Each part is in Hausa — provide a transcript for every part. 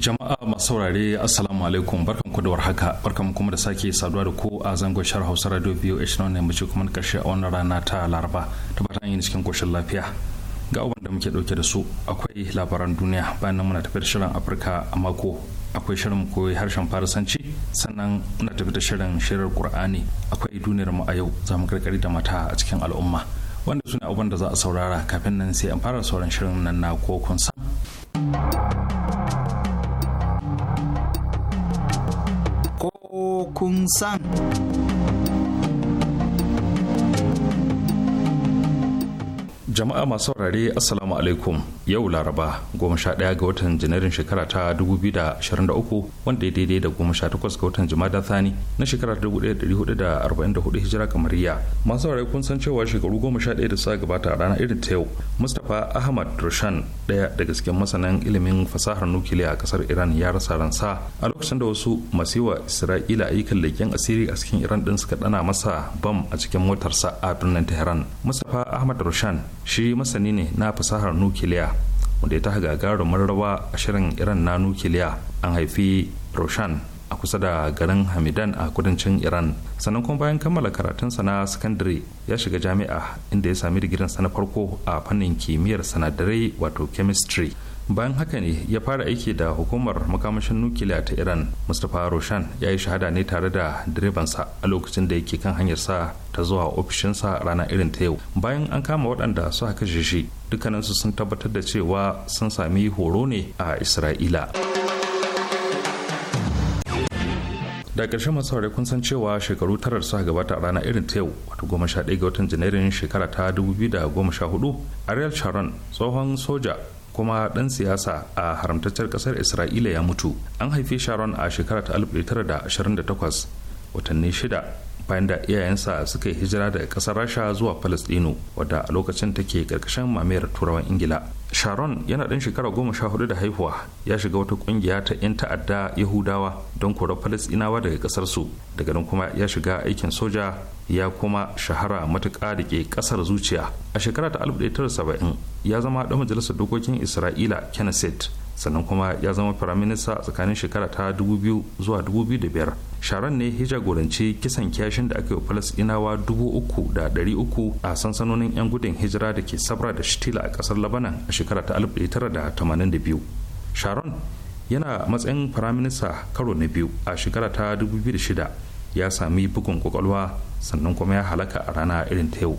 Jama'a masu saurare Assalamu alaikum barkan ku da warhaka barkan kuma da sake saduwa da ku a zangon shar Hausa Radio BOH na ne mace kuma karshe a wannan rana ta Laraba ta bata yin cikin koshin lafiya. Ga abin da muke dauke da su akwai labaran duniya bayan nan muna tafiyar da shirin Afirka a mako akwai shirin koyi harshen farisanci sannan muna tafi da shirin shirar Qur'ani akwai duniyar mu a yau za mu karkari da mata a cikin al'umma wanda ne abin da za a saurara kafin nan sai an fara sauran shirin nan na kokon san. jama'a masu saurare assalamu alaikum yau laraba 11 ga watan janairun shekara ta 2023 wanda ya daidai da 18 ga watan da thani na shekara 1444 hijira kamariya masu saurare kun san cewa shekaru 11 da sa gabata a ranar irin ta yau mustapha ahmad roshan daya daga cikin masanan ilimin fasahar nukiliya a kasar iran ya rasa ransa a lokacin da wasu masu wa isra'ila ayyukan leƙen asiri a cikin iran din suka dana masa bam a cikin motarsa a birnin tehran mustapha ahmad roshan shi masani ne na fasahar nukiliya wanda ya ta gagarumin rawa a shirin iran na nukiliya an haifi roshan a kusa da garin hamidan a kudancin iran sannan kuma bayan kammala karatunsa na sakandare ya shiga jami'a inda ya sami digirinsa na farko a fannin kimiyyar sanadarai wato chemistry bayan haka ne ya fara aiki da hukumar makamashin nukiliya ta iran mustapha roshan ya yi shahada ne tare da direbansa a lokacin da yake kan hanyarsa ta zuwa ofishinsa rana irin ta yau bayan an kama waɗanda suka kashe shi dukkaninsu sun tabbatar da cewa sun sami horo ne a isra'ila da ƙarshen masu saurari kun san cewa shekaru tara suka gabata a rana irin ta yau wato goma sha ɗaya ga watan janairun shekara ta dubu biyu da goma sha hudu ariel sharon tsohon soja kuma ɗan siyasa a haramtaccen ƙasar isra'ila ya mutu an haife sharon a shekarar 1928 watanni shida bayan da iyayensa suka yi hijira daga ƙasar rasha zuwa falastino wadda a lokacin take karkashin mamayar turawan ingila sharon yana ɗan shekara goma sha hudu da haihuwa ya shiga wata ƙungiya ta 'yan ta'adda yahudawa don kora palestinawa daga ƙasar su daga nan kuma ya shiga aikin soja ya kuma shahara matuƙa da ke ƙasar zuciya a shekara ta 1970 ya zama ɗan majalisar dokokin isra'ila kenneth sannan kuma ya zama firaminista tsakanin shekara ta biyu zuwa biyu da biyar. sharon ne ya jagoranci kisan kyashin da aka yi falasɗinawa dubu uku da dari uku a sansanonin 'yan gudun hijira da ke sabra da shitila a kasar labanan a shekara ta 1982 sharon yana matsayin firaminista karo na biyu a shekara ta 2006 ya sami bugun kwakwalwa sannan kuma ya halaka a rana irin ta yau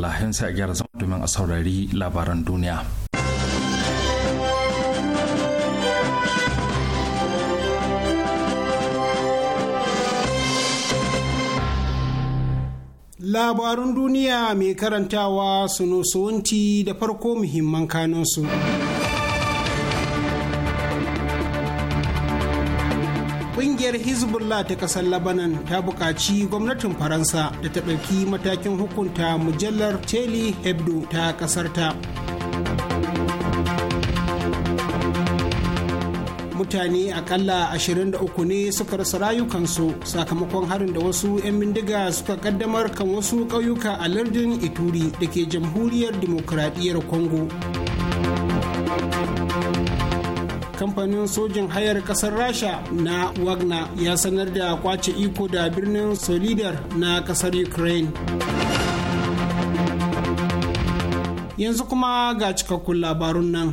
Allah yan sa a gyara zama domin a saurari labaran duniya labarun duniya mai karantawa sunusuwanti da farko muhimman kanunsu kungiyar hezbollah ta kasar labanan ta buƙaci gwamnatin faransa da ta ɗauki matakin hukunta mujallar teli hebdo ta ƙasar ta mutane akalla 23 ne suka rasa rayukansu sakamakon harin da wasu 'yan bindiga suka kaddamar kan wasu ƙauyuka a lardin ituri da ke jamhuriyar dimokuraɗiyyar congo kamfanin sojin hayar kasar rasha na wagner ya sanar da kwace iko da birnin solidar na kasar ukraine yanzu kuma ga cikakkun labarun nan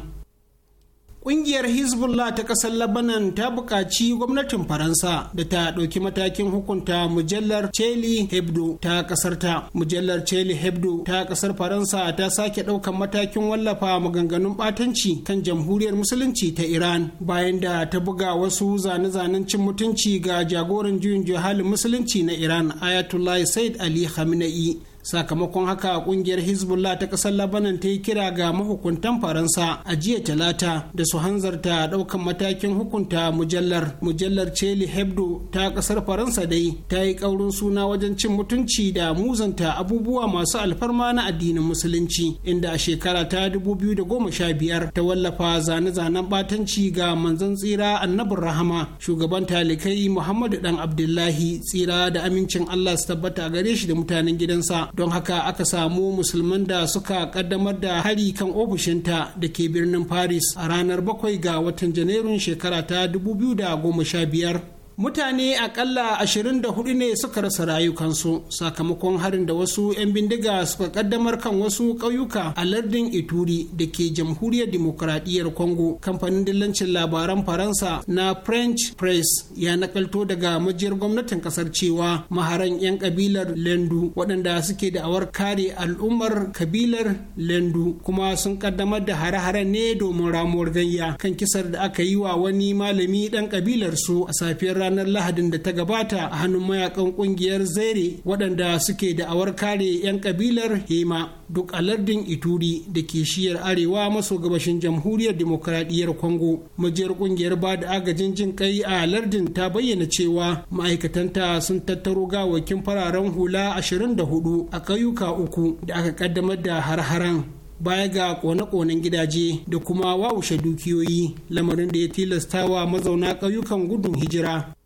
Ƙungiyar Hezbollah ta ƙasar Labanan ta buƙaci gwamnatin Faransa da ta ɗauki matakin hukunta mujallar Charlie Hebdo ta ƙasar ta. Mujallar Charlie Hebdo ta ƙasar Faransa ta sake ɗaukan matakin wallafa maganganun ɓatanci kan jamhuriyar musulunci ta Iran bayan da ta buga wasu zane-zanen cin mutunci ga jagoran juyin juhalin musulunci na Iran Ayatollah Said Ali Khamenei sakamakon haka kungiyar hezbollah ta kasar labanan ta yi kira ga mahukuntan faransa a jiya talata da su hanzarta daukan matakin hukunta mujallar mujallar cheli hebdo ta kasar faransa dai ta yi kaurin suna wajen cin mutunci da muzanta abubuwa masu alfarma na addinin musulunci inda a shekara ta dubu biyu da goma sha biyar. ta wallafa zane-zanen batanci ga manzon tsira annabin rahama shugaban talikai muhammadu dan abdullahi tsira da amincin allah su tabbata gare shi da mutanen gidansa don haka aka samu musulman da suka kaddamar da hari kan ofishinta da ke birnin paris a ranar 7 ga watan janairun shekara ta 2015 mutane akalla 24 ne suka rasa rayukansu sakamakon harin da wasu 'yan bindiga suka kaddamar kan wasu ƙauyuka a lardin ituri da ke jamhuriyar dimokuraɗiyyar congo kamfanin dillancin labaran faransa na french press ya nakalto daga majiyar gwamnatin kasar cewa maharan 'yan kabilar lendu waɗanda suke da awar kare al'ummar kabilar lendu kuma sun kaddamar da hare-hare ne domin ramuwar ganya kan kisar da aka yi wa wani malami ɗan kabilar su a safiyar ranar lahadin da ta gabata a hannun mayakan kungiyar zaire waɗanda suke awar kare 'yan kabilar hema duk a lardin ituri da ke shiyar arewa maso gabashin jamhuriyar demokradiyyar congo majiyar kungiyar ba da agajin jin kai a lardin ta bayyana cewa ma'aikatanta sun tattaro gawakin fararen hula 24 a ƙauyuka uku da aka kaddamar da har-haren baya ga kone-konen gidaje da kuma wawushe dukiyoyi lamarin da ya tilasta wa mazauna ƙauyukan gudun hijira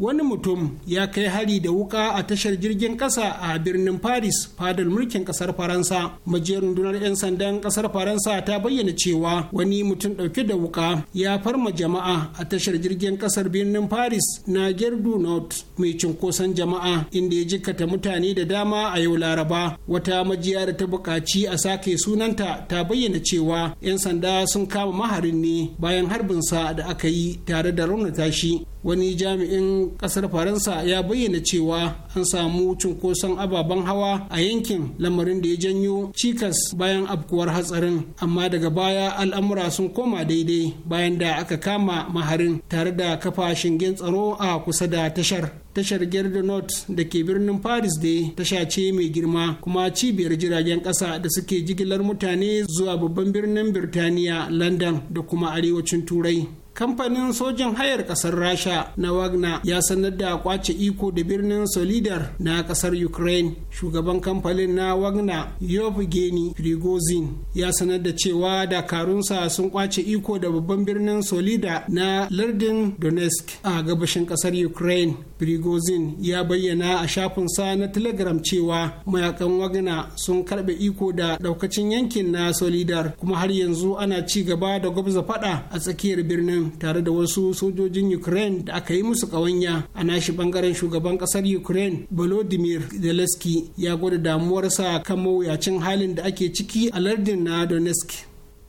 wani mutum ya kai hari da wuka a tashar jirgin kasa a birnin paris fadar mulkin kasar faransa majiyar rundunar 'yan sandan kasar faransa ta bayyana cewa wani mutum dauke da wuka ya farma jama'a a tashar jirgin kasar birnin paris na gerdu north mai cunkoson jama'a inda ya jikata mutane da dama a yau laraba wata majiya da ta buƙaci a sake sunanta ta bayyana cewa 'yan sanda sun kama maharin ne bayan harbinsa da aka yi tare da raunata shi wani jami'in kasar faransa ya bayyana cewa an samu cunkoson ababen hawa a yankin lamarin da ya janyo cikas bayan afkuwar hatsarin amma daga baya al'amura sun koma daidai bayan da aka kama maharin tare da kafa shingen tsaro a kusa da tashar tashar gerda north da ke birnin Paris da tasha ce mai girma kuma cibiyar jiragen kasa da suke jigilar mutane zuwa babban birnin Birtaniya London da kuma arewacin Turai. kamfanin sojin hayar kasar rasha na wagner ya sanar da kwace iko da birnin solidar na kasar ukraine shugaban kamfanin na wagner yovgeni prigozin ya sanar da cewa dakarunsa sun kwace iko da babban birnin solida na lardin donetsk a gabashin kasar ukraine prigozin ya bayyana a shafin sa na Telegram cewa mayakan wagna sun karbe iko da daukacin yankin na Solidar kuma har yanzu ana ci gaba da gwabza fada a tsakiyar birnin tare da wasu sojojin Ukraine da aka yi musu kawanya. A nashi bangaren shugaban kasar Ukraine Volodymyr Zelensky ya gwada damuwarsa kan mawuyacin halin da ake ciki a lardin na Donetsk.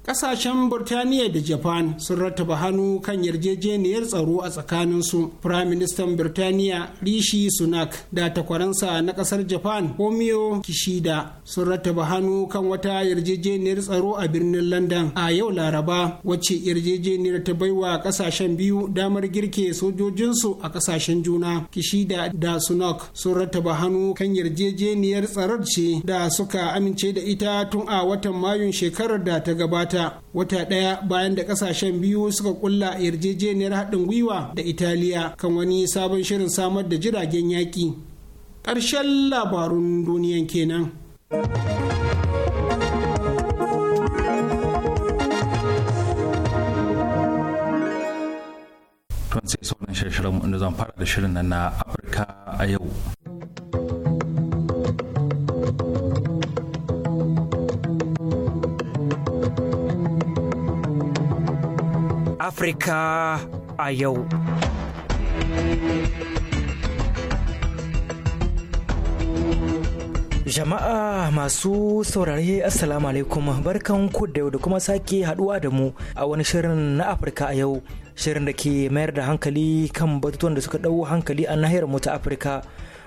Kasashen Burtaniya da Japan sun rattaba hannu kan yarjejeniyar tsaro a tsakaninsu. Firaministan Burtaniya Rishi Sunak da takwaransa na kasar Japan Fumio Kishida sun rattaba hannu kan wata yarjejeniyar tsaro a birnin London a yau Laraba wacce yarjejeniyar ta baiwa kasashen biyu damar girke sojojinsu a kasashen juna. Kishida da Sunak sun rattaba hannu kan yarjejeniyar tsarar ce da suka amince da ita tun a watan Mayun shekarar da ta gabata. gabata wata ɗaya bayan da ƙasashen biyu suka kulla yarjejeniyar haɗin gwiwa da italiya kan wani sabon shirin samar da jiragen yaƙi ƙarshen labarun duniyan kenan. sai sauran shirin inda zan fara da shirin na afirka a yau Afirka a yau. Jama'a masu saurare Assalamu alaikum barkan ku da yau da kuma sake haduwa da mu a wani shirin na Afirka a yau shirin da ke mayar da hankali kan batutuwan da suka ɗau hankali a nahiyar mu ta Afirka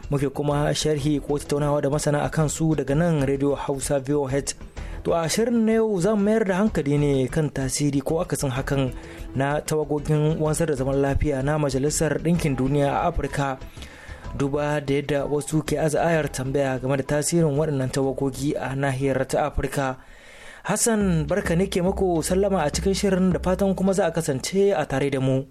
muke kuma sharhi ko tattaunawa da masana a kansu daga nan Radio Hausa VOH To a shirin na yau zan mayar da hankali ne kan tasiri ko akasin hakan na tawagogin wansar da zaman lafiya na Majalisar Ɗinkin Duniya a Afirka. duba da yadda wasu ke azayar tambaya game da tasirin waɗannan tawagogi a nahiyar ta afirka hassan barka ne ke mako sallama a cikin shirin da fatan kuma za a kasance a tare da mu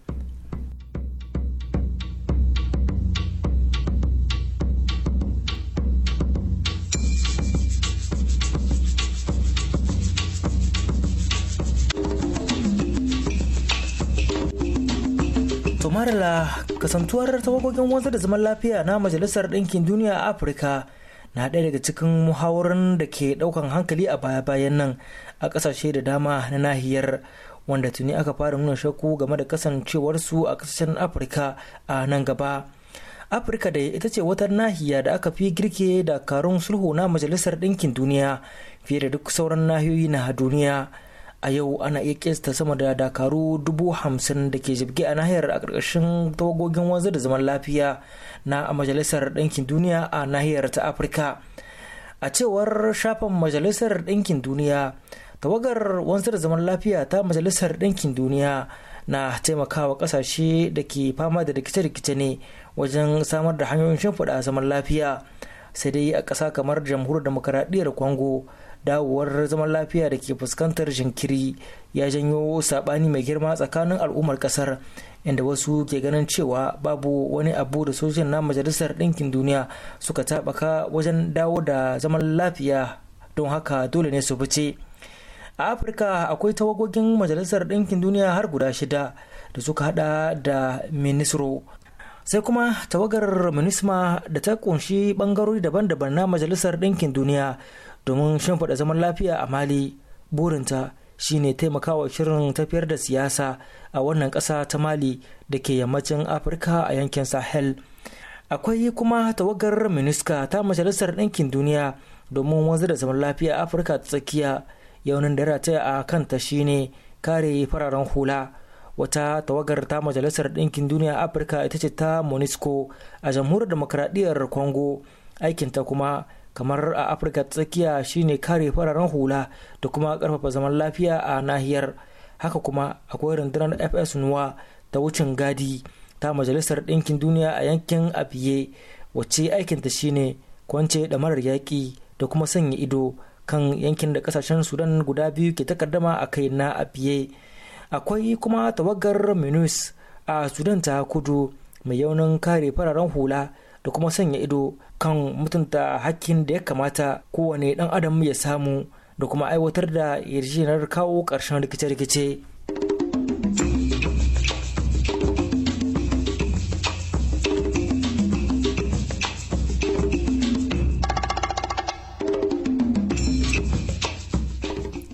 Marala kasantuwar tawagogin wanzar da zaman lafiya na Majalisar Ɗinkin Duniya a Afirka na ɗaya daga cikin muhawarin da ke ɗaukan hankali a baya-bayan nan a ƙasashe da dama na nahiyar wanda tuni aka fara nuna shakku game da kasancewarsu a ƙasashen Afirka a nan gaba. Afirka da ita ce wata nahiya da aka fi girke da karun sulhu na Majalisar Ɗinkin Duniya fiye da duk sauran nahiyoyi na duniya. a yau ana iya kesta sama da dakaru dubu hamsin da ke jibge a nahiyar a ƙarƙashin tawagogin wanzu da zaman lafiya na majalisar ɗinkin duniya a nahiyar ta afirka a cewar shafin majalisar ɗinkin duniya tawagar wanzu da zaman lafiya ta majalisar ɗinkin duniya na taimakawa ƙasashe da ke fama da rikice-rikice ne wajen samar da hanyoyin shimfiɗa zaman lafiya sai dai a ƙasa kamar jamhuriyar demokaradiyyar kongo dawowar zaman lafiya da ke fuskantar jinkiri ya janyo sabani mai girma tsakanin al'ummar kasar inda wasu ke ganin cewa babu wani abu da sojin na majalisar ɗinkin duniya suka taɓaka wajen dawo da zaman lafiya don haka dole ne su fice a afirka akwai tawagogin majalisar ɗinkin duniya har guda shida da suka hada da minisro sai kuma tawagar minisma da ta kunshi bangarori daban-daban na majalisar ɗinkin duniya domin shimfiɗa zaman lafiya a mali burinta shine taimakawa shirin tafiyar da siyasa a wannan ƙasa ta mali da ke yammacin afirka a yankin sahel akwai kuma tawagar minista ta majalisar ɗinkin duniya domin wanzu da zaman lafiya afirka ta tsakiya yaunin da rataya a kanta shine kare fararen hula wata tawagar ta majalisar ɗinkin duniya afirka ita ce ta monisco a jamhuriyar demokradiyyar congo aikinta kuma kamar a afirka tsakiya shine kare fararen hula da kuma karfafa zaman lafiya a nahiyar haka kuma akwai rundunar fs nuwa ta wucin gadi ta majalisar ɗinkin duniya a yankin abiye wacce aikinta shine kwance da marar yaƙi da kuma sanya ido kan yankin da kasashen sudan guda biyu ke takaddama a kai na abiye akwai kuma tawagar minus a sudan ta kudu mai yaunin kare fararen hula da kuma sanya ido kan mutunta hakkin da ya kamata kowane dan adam ya samu da kuma aiwatar da yarjejeniyar kawo ƙarshen rikice-rikice.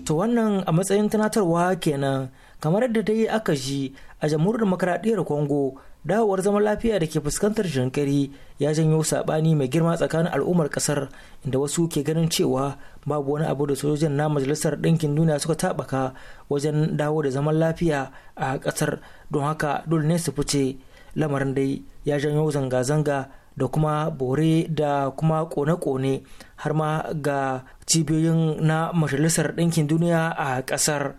To wannan a matsayin tunatarwa kenan kamar yadda dai aka ji a jamhuriyar makaradiyar Congo dawowar zaman lafiya da ke fuskantar jinkari ya janyo sabani mai girma tsakanin al'ummar kasar inda wasu ke ganin cewa babu wani abu da sojojin na majalisar ɗinkin duniya suka taɓaka wajen dawo da zaman lafiya a kasar don haka dole ne su fice lamarin dai ya janyo zanga-zanga da kuma bore da kuma kone-kone har ma ga cibiyoyin na majalisar ɗinkin duniya a kasar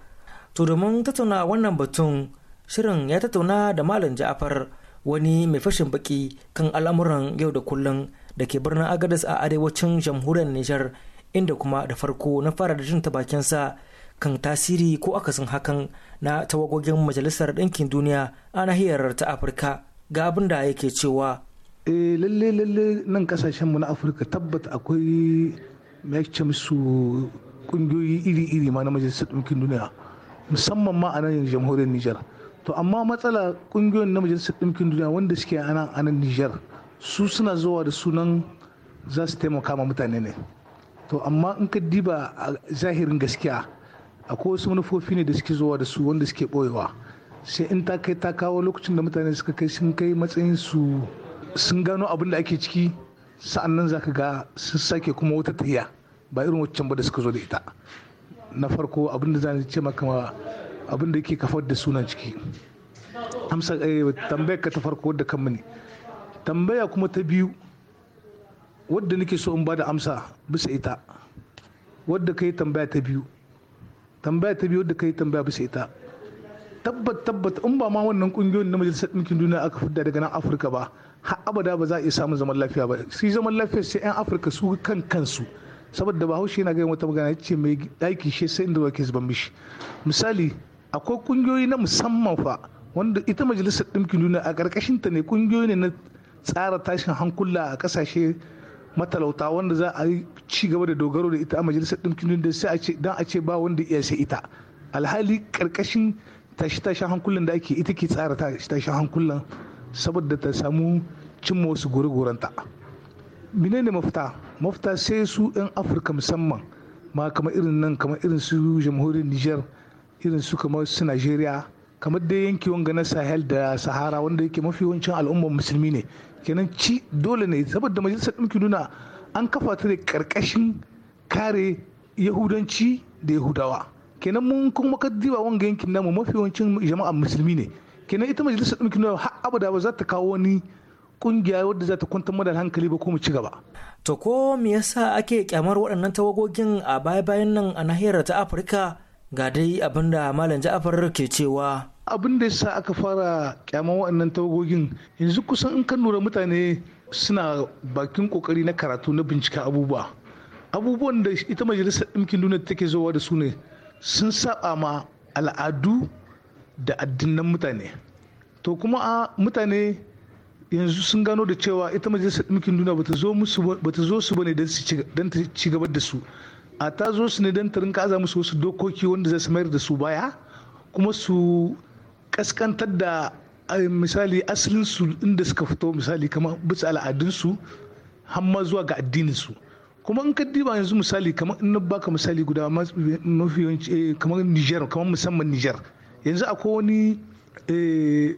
to domin tattauna wannan batun shirin ya tattauna da malam ja'afar wani mai fashin baki kan al'amuran yau da kullum da ke birnin agadas a arewacin jamhuriyar nijar inda kuma da farko na fara da jin ta bakinsa kan tasiri ko akasin hakan na tawagogin majalisar ɗinkin duniya a nahiyar ta afirka ga abin da yake cewa e lalle lalle nan kasashenmu na afirka tabbat akwai ce su kungiyoyi iri-iri ma na majalisar ɗinkin duniya musamman ma a nan jamhuriyar nijar to amma matsala kungiyoyin na majalisar ɗinkin duniya wanda suke a anan nijar su suna zuwa da sunan za su taimaka ma mutane ne to amma in ka diba a zahirin gaskiya akwai wasu manufofi ne da suke zuwa da su wanda suke ɓoyewa sai in ta kai ta kawo lokacin da mutane suka kai sun kai matsayin su sun gano abin da ake ciki sa'an nan zaka ga sun sake kuma wata tahiya ba irin waccan ba da suka zo da ita na farko abin da zan ce maka abin da yake kafar da sunan ciki amsa eh, tambayar ka ta farko wadda kan mani. tambaya kuma ta biyu wadda nake so in bada amsa bisa ita wadda ka yi tambaya ta biyu tambaya ta biyu wadda ka yi tambaya bisa ita tabbat tabbat in ba ma wannan kungiyoyin na majalisar ɗinkin duniya aka fidda daga nan afirka ba har abada ba za a iya samun zaman lafiya ba shi zaman lafiya sai 'yan afirka su kan kansu saboda bahaushe yana gani wata magana ce mai ɗaki shi sai inda wake zuban mishi misali akwai kungiyoyi na musamman fa wanda ita majalisar ɗinkin duniya a ƙarƙashin ta ne kungiyoyi ne na tsara tashin hankula a ƙasashe matalauta wanda za a yi ci gaba da dogaro da ita a majalisar ɗinkin duniya sai a ce dan a ce ba wanda iya sai ita alhali ƙarƙashin tashi-tashin hankulan da ake ita ke tsara tashi-tashin hankulan saboda ta samu cimma wasu gure-gurenta menene mafita mafita sai su 'yan afirka musamman ma kamar irin nan kamar irin su jamhuriyar niger irin su kamar su Najeriya kamar dai yanki wanga na Sahel da Sahara wanda yake mafi yawancin al'ummar musulmi ne kenan ci dole ne saboda majalisar ɗinkin nuna an kafa ta da karkashin kare yahudanci da yahudawa kenan mun kuma kaddiba wanga yankin namu mafi yawancin jama'a musulmi ne kenan ita majalisar ɗinkin nuna har abada ba za ta kawo wani kungiya wadda za ta kwantar mana hankali ba ko mu ci gaba. To ko me yasa ake kyamar waɗannan tawagogin a baya-bayan nan a nahiyar ta Afirka ga dai abin da malam ja'afar ke cewa abin da yasa aka fara kyaman waɗannan tawagogin yanzu kusan in kan lura mutane suna bakin kokari na karatu na bincika abubuwa abubuwan da ita majalisar ɗinkin duniya take zowa da su ne sun saba ma al'adu da addinan mutane to kuma a mutane yanzu sun gano da cewa ita majalisar ɗinkin duniya bata zo bata zo su bane don ta ci gaba da su a ta zo su ne don ta rinka aza musu wasu dokoki wanda zai mayar da su baya kuma su kaskantar da eh, misali asalinsu inda suka fito misali kamar bisa al'adunsu hamma zuwa ga addininsu kuma in ka diba yanzu misali kamar in na baka misali guda mafi yawanci eh, kamar niger kamar musamman niger yanzu akwai wani eh,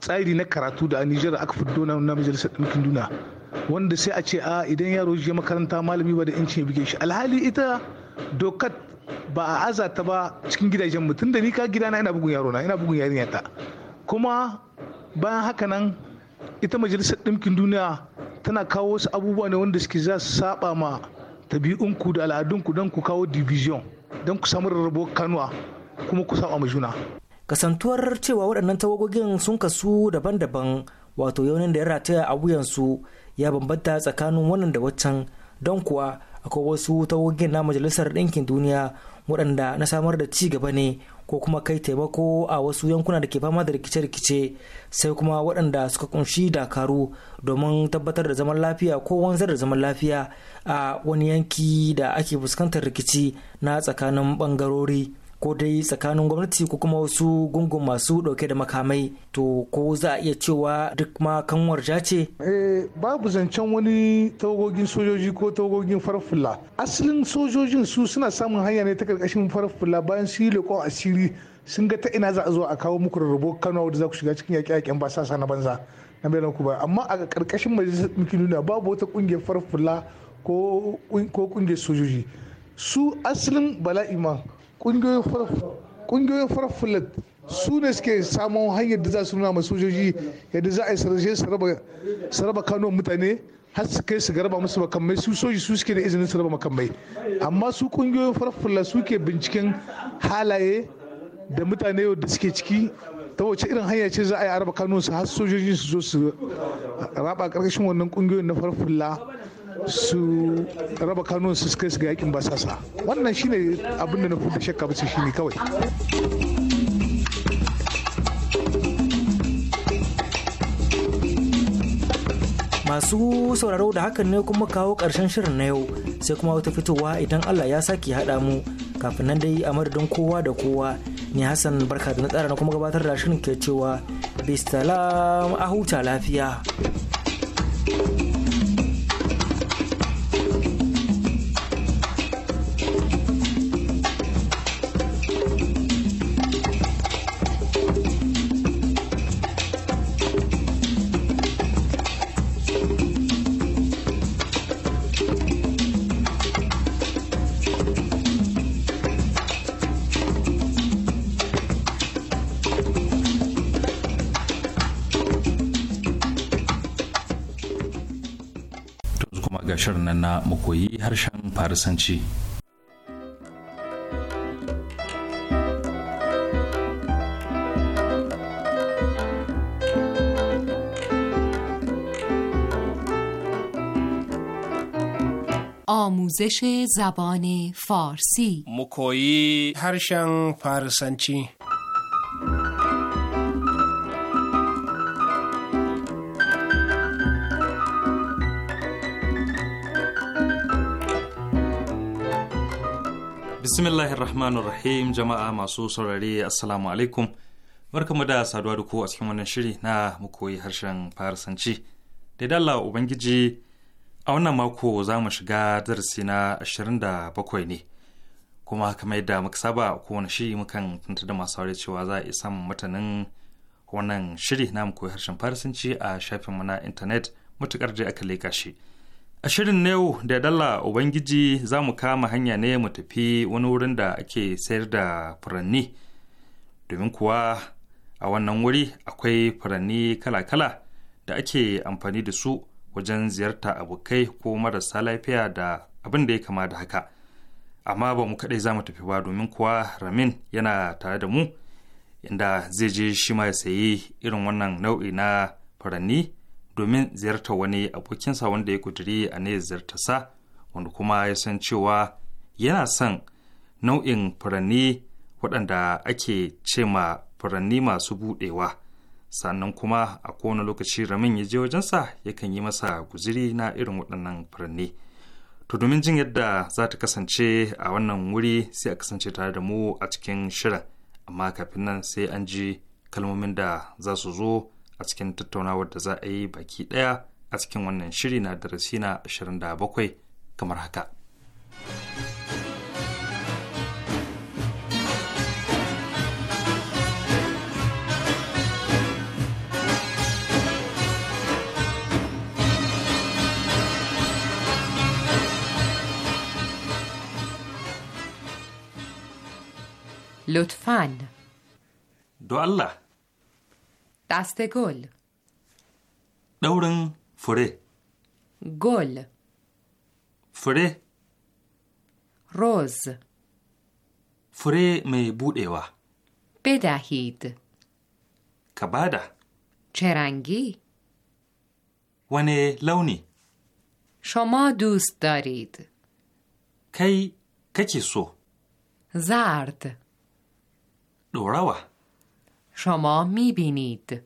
tsari na karatu da a niger aka fito na majalisar ɗinkin duniya wanda sai a ce a idan yaro je makaranta malami ba da inci buge shi alhali ita dokar ba a azata ba cikin gidajen mutum da ni ka gidana ina bugun yaro na ina bugun yarinya ta kuma bayan haka nan ita majalisar ɗinkin duniya tana kawo wasu abubuwa ne wanda suke za su saba ma tabi'unku da al'adunku don ku kawo division don ku samu rarrabo kanuwa kuma ku saba ma juna kasantuwar cewa waɗannan tawagogin sun kasu daban-daban wato yaunin da ya rataya a wuyansu ya bambanta tsakanin wannan da waccan don kuwa akwai wasu tawogin na majalisar ɗinkin duniya waɗanda na samar da ci gaba ne ko kuma kai taimako a wasu yankuna da ke fama da rikice-rikice sai kuma waɗanda suka kunshi dakaru domin tabbatar da zaman lafiya ko wanzar da zaman lafiya a wani yanki da ake fuskantar rikici na tsakanin ɓangarori. ko dai tsakanin gwamnati ko kuma wasu gungun masu dauke da makamai to ko za a iya cewa duk ma kanwar ce? Eh, babu zancen wani tawagogin sojoji ko tawagogin farfula asalin sojojin su suna samun hanya ne ta karkashin farfula bayan su yi leƙon asiri sun ga ta ina za a zo a kawo muku rarrabo kano da za ku shiga cikin yaƙe-yaƙen basasa na banza na bai ku ba amma a karkashin majalisar ɗinkin duniya babu wata ƙungiyar farfula ko ƙungiyar sojoji su asalin bala'i ma ƙungiyoyin farfulat su ne suke samun hanyar da za su nuna masu sojoji yadda za a yi sarashe su raba kanon mutane har su kai su garba musu makamai su soji su suke da izinin su raba makamai amma su ƙungiyoyin farfulat suke binciken halaye da mutane da suke ciki ta wace irin hanya ce za a yi araba su har sojoji su zo su raba karkashin wannan kungiyoyin na farfulla su raba kanun su kai su ga yakin basasa wannan shine abin da na fi shakka bisa shine kawai masu sauraro da hakan ne kuma kawo ƙarshen shirin na yau sai kuma wata fitowa idan Allah ya sake haɗa mu kafin nan dai a madadin kowa da kowa ne Hassan barka da na tsara na kuma gabatar da shirin ke cewa bisalam a huta lafiya. مکوی هرشان koyi آموزش زبان فارسی مکویی هرشن فارسنچی bismillahirrahmanirrahim jama'a masu saurare assalamu alaikum barkamu da saduwa da ku a cikin wannan shiri na koyi harshen farsanci da dalla ubangiji a wannan mako za mu shiga darasi na 27 ne kuma kamar yadda muka saba kowane shiri mukan tuntun da masu saurare cewa za a iya samun mutanen wannan shiri na mukoyi koyi harshen farsanci a shafinmu na intanet matukar da aka leka shi A shirin na yau da dalla Ubangiji za mu kama hanya ne mu tafi wani wurin da ake sayar da furanni. Domin kuwa a wannan wuri akwai furanni kala-kala da ake amfani da su wajen ziyarta abokai ko marasa lafiya da abin da ya kama da haka. Amma ba mu kaɗai za mu tafi ba domin kuwa Ramin yana tare da mu inda zai je shi ma ya sayi irin wannan nau'i na furanni domin ziyarta wani abokinsa wanda ya kuduri a ne ziyartarsa wanda kuma ya san cewa yana son nau'in furanni waɗanda ake ce ma furanni masu buɗewa sannan kuma a kowane lokaci ramin ya je wajensa yakan yi masa guziri na irin waɗannan furanni to domin jin yadda za ta kasance a wannan wuri sai a kasance tare da mu a cikin shirin amma kafin nan sai an ji kalmomin da za su zo a cikin tattaunawar da za a yi baki ɗaya a cikin wannan shiri na darasi na 27 kamar haka. لطفاً دو الله دست گل دورن فره گل فره روز فره می بودیوا بدهید کبادا چه رنگی؟ ونه لونی شما دوست دارید کی ککی سو زرد دوراوه شما می بینید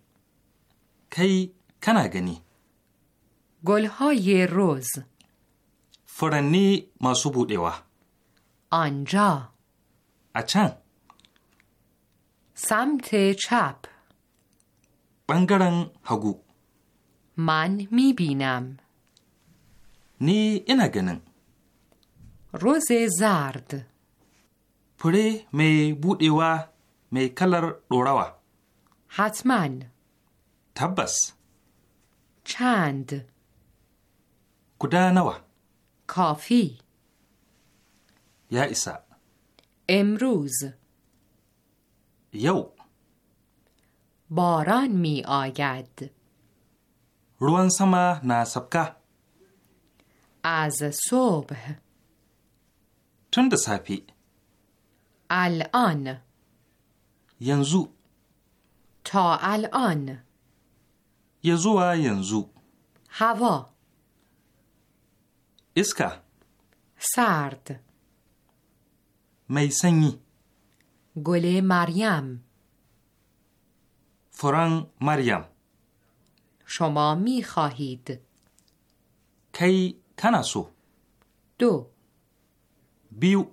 کی کنگنی گلهای روز فرنی ماسو بودیوه آنجا اچان سمت چپ بنگرن هگو من می بینم نی اینا گنن روز زرد پره می بودیوه می کلر دوراوه حتما تبس چند کدا کافی یا ایسا امروز یو باران می آید روان سما ناسبکه از صبح تند سافی الان ینزو تا الان و ینزو هوا اسکا سرد میسنی گل مریم فران مریم شما می خواهید کی تنسو دو بیو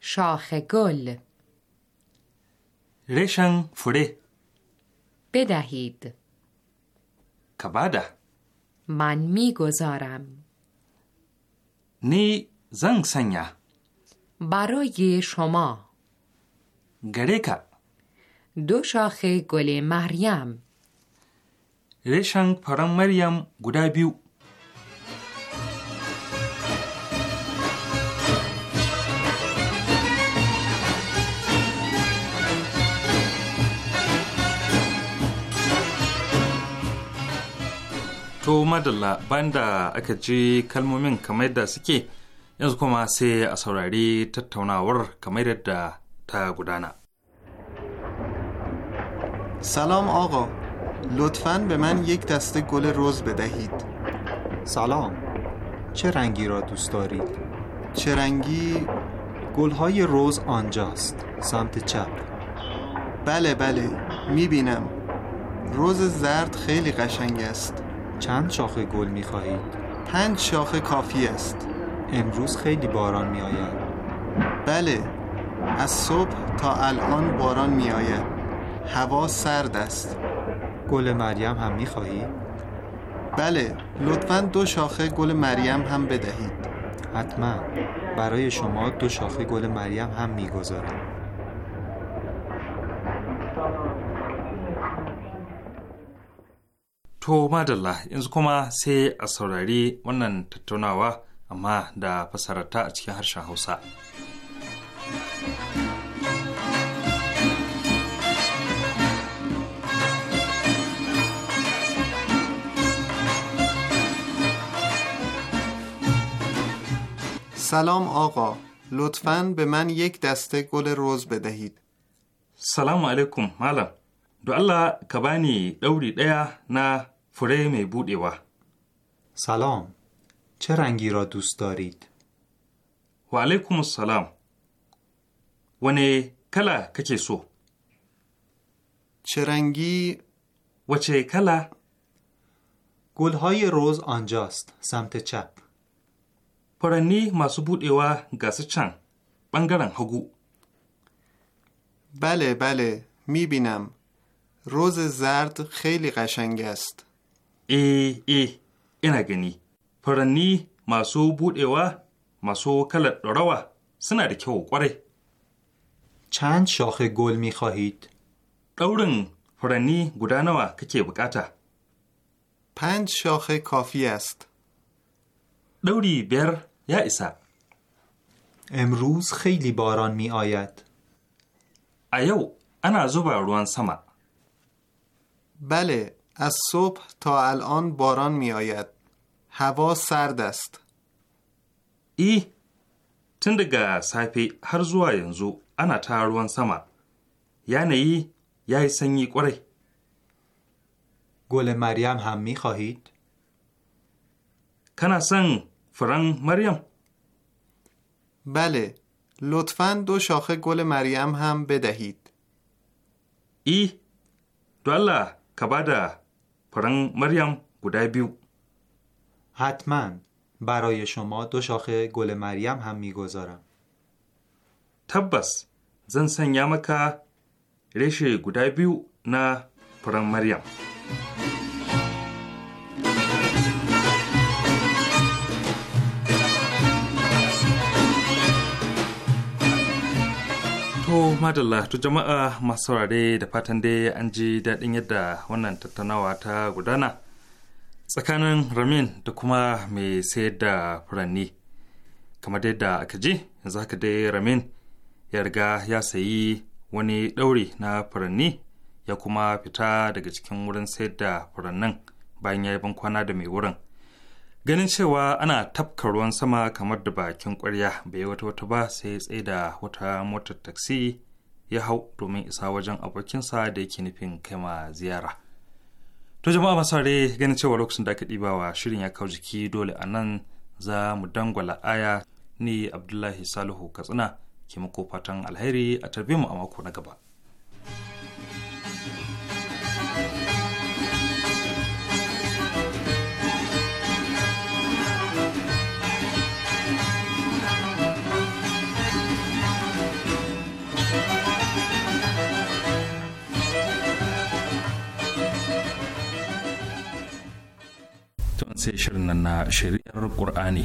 شاخ گل رشن فره بدهید کبادا من میگذارم نی زنگ سنیا برای شما گریکا دو شاخه گل مریم ریشنگ پرم مریم گدابیو. To madalla banda aka ji kalmomin kamar yadda suke yanzu kuma sai a saurari tattaunawar kamar yadda ta gudana. سلام آقا لطفا به من یک دسته گل رز بدهید سلام چه رنگی را دوست دارید؟ چه رنگی؟ گلهای روز آنجاست سمت چپ بله بله میبینم رز زرد خیلی قشنگ است چند شاخه گل می خواهید؟ پنج شاخه کافی است امروز خیلی باران می آید بله از صبح تا الان باران می آید هوا سرد است گل مریم هم می خواهی؟ بله لطفا دو شاخه گل مریم هم بدهید حتما برای شما دو شاخه گل مریم هم می گذارم To madalla yanzu kuma sai a saurari wannan tattaunawa amma da fasarata a cikin harshen Hausa. سلام آقا لطفا به من یک دسته گل روز بدهید سلام علیکم مالم دو الله کبانی دوری دیا نه فره می و سلام چه رنگی را دوست دارید؟ و علیکم السلام ونه کلا کچه سو چه رنگی؟ و چه کلا؟ گلهای روز آنجاست سمت چپ پرنی ماسو بودیوه گس چنگ. بنگرن هگو بله بله میبینم روز زرد خیلی قشنگ است ای ای ina gani furanni masu budewa masu kalar چند شاخه گل می خواهید؟ دورن فرنی گودانوا ککی بکاتا پنج شاخه کافی است بر یا ایسا امروز خیلی باران می آید او انا زبا روان سمت بله از صبح تا الان باران می آید. هوا سرد است. ای تند گا سایپی هر زوا ینزو انا تاروان سما یعنی ای یای سنگی قره گل مریم هم می خواهید؟ کنا سنگ فرنگ مریم بله لطفا دو شاخه گل مریم هم بدهید ای دوالا کبادا پرنگ مریم گوده بیو حتما برای شما دو شاخه گل مریم هم میگذارم تبس زن سنیا که ریشه گوده بیو نه پرنگ مریم To madalla to jama'a masu saurare da fatan dai an ji daɗin yadda wannan tattaunawa ta gudana tsakanin ramin da kuma mai sayar da furanni kamar dai da aka ji yanzu haka dai ramin ya riga ya sayi wani ɗauri na furanni ya kuma fita daga cikin wurin sayar da furannin bayan ya yi bankwana da mai wurin ganin cewa ana tafka ruwan sama kamar da bakin kwarya bai wata wata ba sai tsaye da wata motar taksi ya hau domin isa wajen abokinsa da yake nufin kai ma ziyara to jama'a masu ganin cewa lokacin da aka ɗiba wa shirin ya kawo jiki dole a nan za mu dangwala aya ni abdullahi salihu katsina ke muku fatan alheri a tarbe mu a mako na gaba sai shirin nan na shari'ar ƙur'ani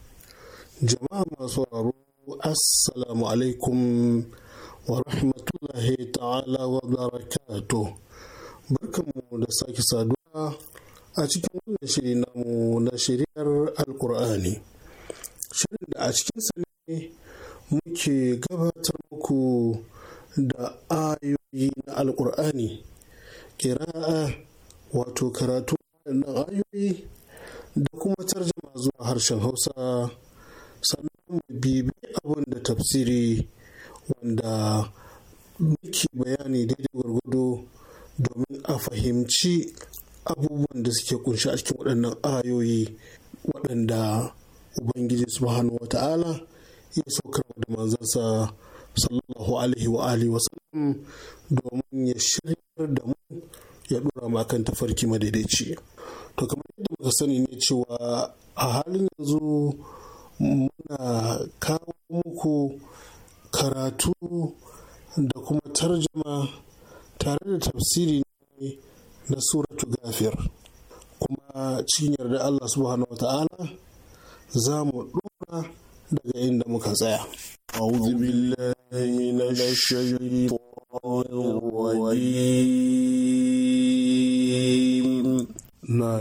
jama'a masu sauraro assalamu alaikum wa rahmatullahi ta'ala wa barakato barkanmu da sake saduwa a cikin wannan shiri namu na shiriyar alkur'ani shirin da a cikin ne muke gabatar muku da ayoyi na alkur'ani kira'a wato karatu waɗannan ayoyi da kuma tarjama zuwa harshen hausa sannan mu bibi abin da tafsiri wanda muke bayani daidai gwargwado domin a fahimci abubuwan da suke kunshi a cikin waɗannan ayoyi waɗanda ubangiji subhanahu wa ta'ala ya saukar da manzansa sallallahu alaihi wa alihi wasallam domin ya shiryar da mu ya dora mu akan tafarki madaidaici to kamar yadda muka sani ne cewa a halin yanzu muna kawo muku karatu da kuma tarjama tare da tafsiri ne na suratu gafir kuma cikin yarda Allah subhanahu wa ta'ala za mu dora daga inda muka tsaya. na بالله na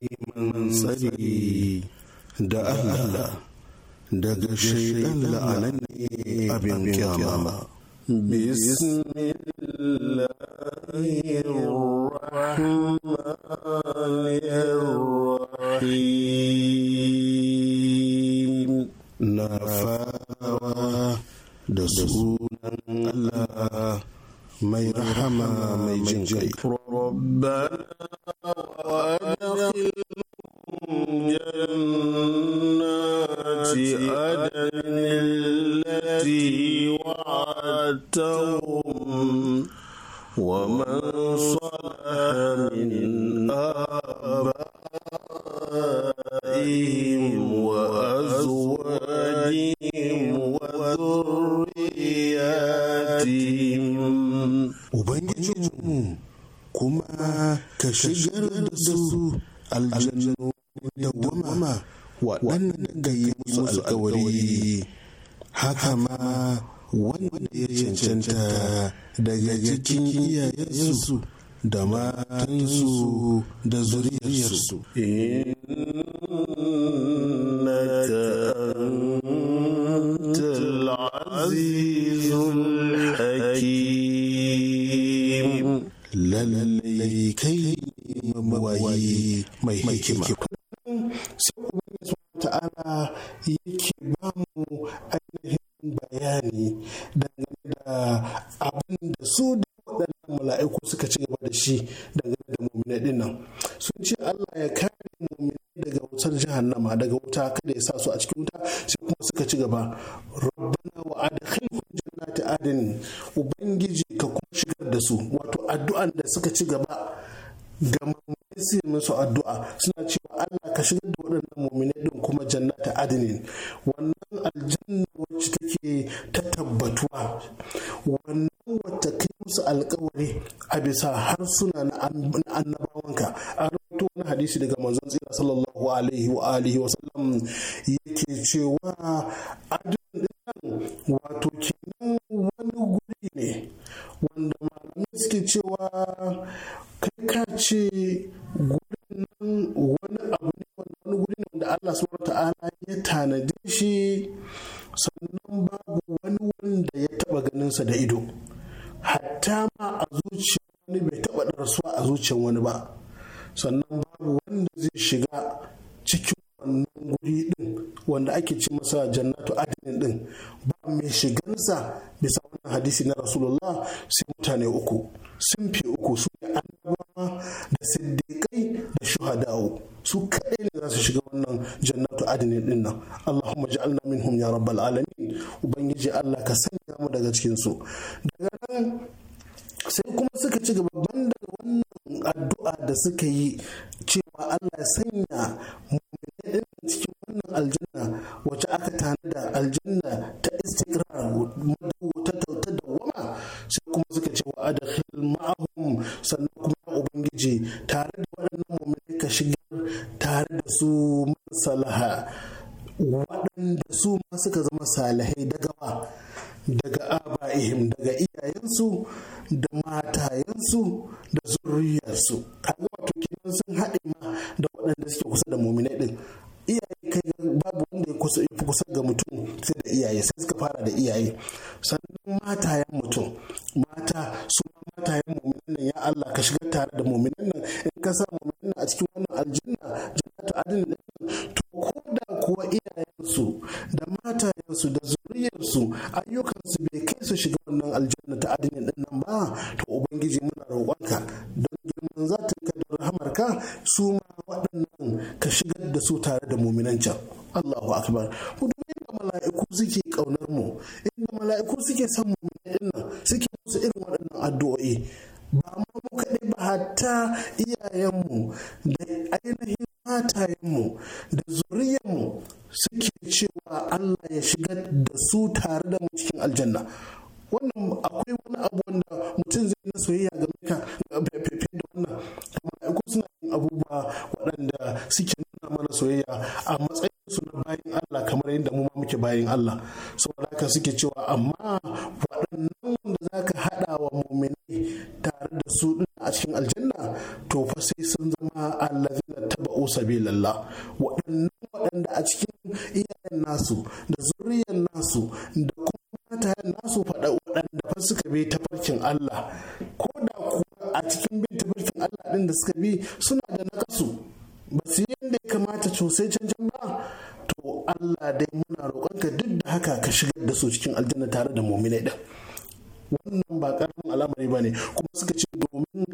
neman tsari da Allah daga shaidan la'anan ne abin kyama. بسم الله الرحمن da نفاوى دسونا mai rahama mai jin kai. Rabbana wa أدن التي وعدتهم ومن صلح من آبائهم وأزواجهم وذرياتهم وبنجم كما كشجر الدسو الجنة دوما waɗannan da yi musu alkawari haka ma wanda ya cancanta daga cikin iyayensu da matansu da zuriyarsu lallai kai mawaye mai hikima ta'ala yake ba mu ainihin bayani dangane da abin da su da waɗannan mala'iku suka ci gaba da shi dangane da mummina ɗin nan sun ce Allah ya kare mummina daga wutar jahannama daga wuta kada ya sa su a cikin wuta sai kuma suka ci gaba rabbana wa adkhilhum jannati adin ubangiji ka kuma shigar da su wato addu'an da suka ci gaba ga mummina su addu'a suna adinin wannan aljanna wacce take ta tabbatuwa wannan wacce kai musu alkawari a bisa harsuna na annabawanka a rawaito wani hadisi daga manzon tsira sallallahu alaihi wa alihi wa sallam yake cewa adinin wato kenan wani guri ne wanda malamai suke cewa kai ka ce gurin nan da Allah subhanahu ta'ala ya tanadi shi sannan babu wani wanda ya taba ganinsa da ido hatta ma a zuciyar wani bai taba rasuwa a zuciyar wani ba sannan babu wanda zai shiga cikin wannan guri ɗin, wanda ake ci masa jannatu adinin ɗin, ba mai shigansa bisa wannan hadisi na rasulullah sai mutane uku sun fi uku su ne annabawa da siddiƙai da shuhadawo su kaɗai ne za su shiga wannan jannatu adinin din nan allahumma ja'alna minhum ya rabbal alamin ubangiji allah ka sanya mu daga cikin su daga nan sai kuma suka ci gaba banda wannan addu'a da suka yi cewa Allah ya sanya mu'minai cikin wannan aljanna wacce aka tanada aljanna ta istiqrar ta da wama sai kuma suka ce wa adkhil ma'ahum sannan kuma ubangiji tare da waɗannan mu'minin ka shiga tare da su masalaha waɗanda su ma suka zama salihai daga ba daga aba'ihim daga iyayensu da matayensu da zurriyarsu kaga wato kinan sun haɗe ma da waɗanda suke kusa da mominai din iyaye kai babu wanda ya kusa kusa ga mutum sai da iyaye sai suka fara da iyaye sannan matayen mutum mata su matayen muminan nan ya Allah ka shiga tare da muminan nan in ka sa muminan nan a cikin wannan aljanna jannatu adin to ko da kuwa iyayensu da matayensu da ayyukan ayyukansu bai kai su shiga wannan aljanna ta adinin din nan ba to ubangiji muna roƙonka don ka da rahamarka su ma waɗannan ka shigar da su tare da muminan can Allahu akbar ku duk inda mala'iku suke kaunar mu inda mala'iku suke son mu din suke musu irin waɗannan addu'o'i ba ma mu kaɗai ba hatta iyayenmu da ainihin mu da mu suke cewa Allah ya shigar da su tare da mu cikin aljanna wannan akwai wani abu wanda mutum zai na soyayya game ka fefe eh, da wannan mala'iku suna yin abubuwa waɗanda suke nuna mana soyayya a matsayin su na bayan Allah kamar yadda mu ma muke bayan Allah saboda haka suke cewa amma waɗannan wanda zaka haɗa wa muminai tare da su a cikin aljanna to fa sai sun zama allazina taba'u sabilillah waɗannan waɗanda a cikin iyayen nasu da zuriyar nasu da kuma ta nasu faɗa waɗanda fa suka bi farkin Allah ko da kuwa a cikin bin tafarkin Allah ɗin da suka bi suna da nakasu ba su yi yadda ya kamata sosai canjin ba to Allah dai muna roƙonka duk da haka ka shigar da su cikin aljanna tare da muminai ɗin wannan ba ƙaramin al'amari ba ne kuma suka ce domin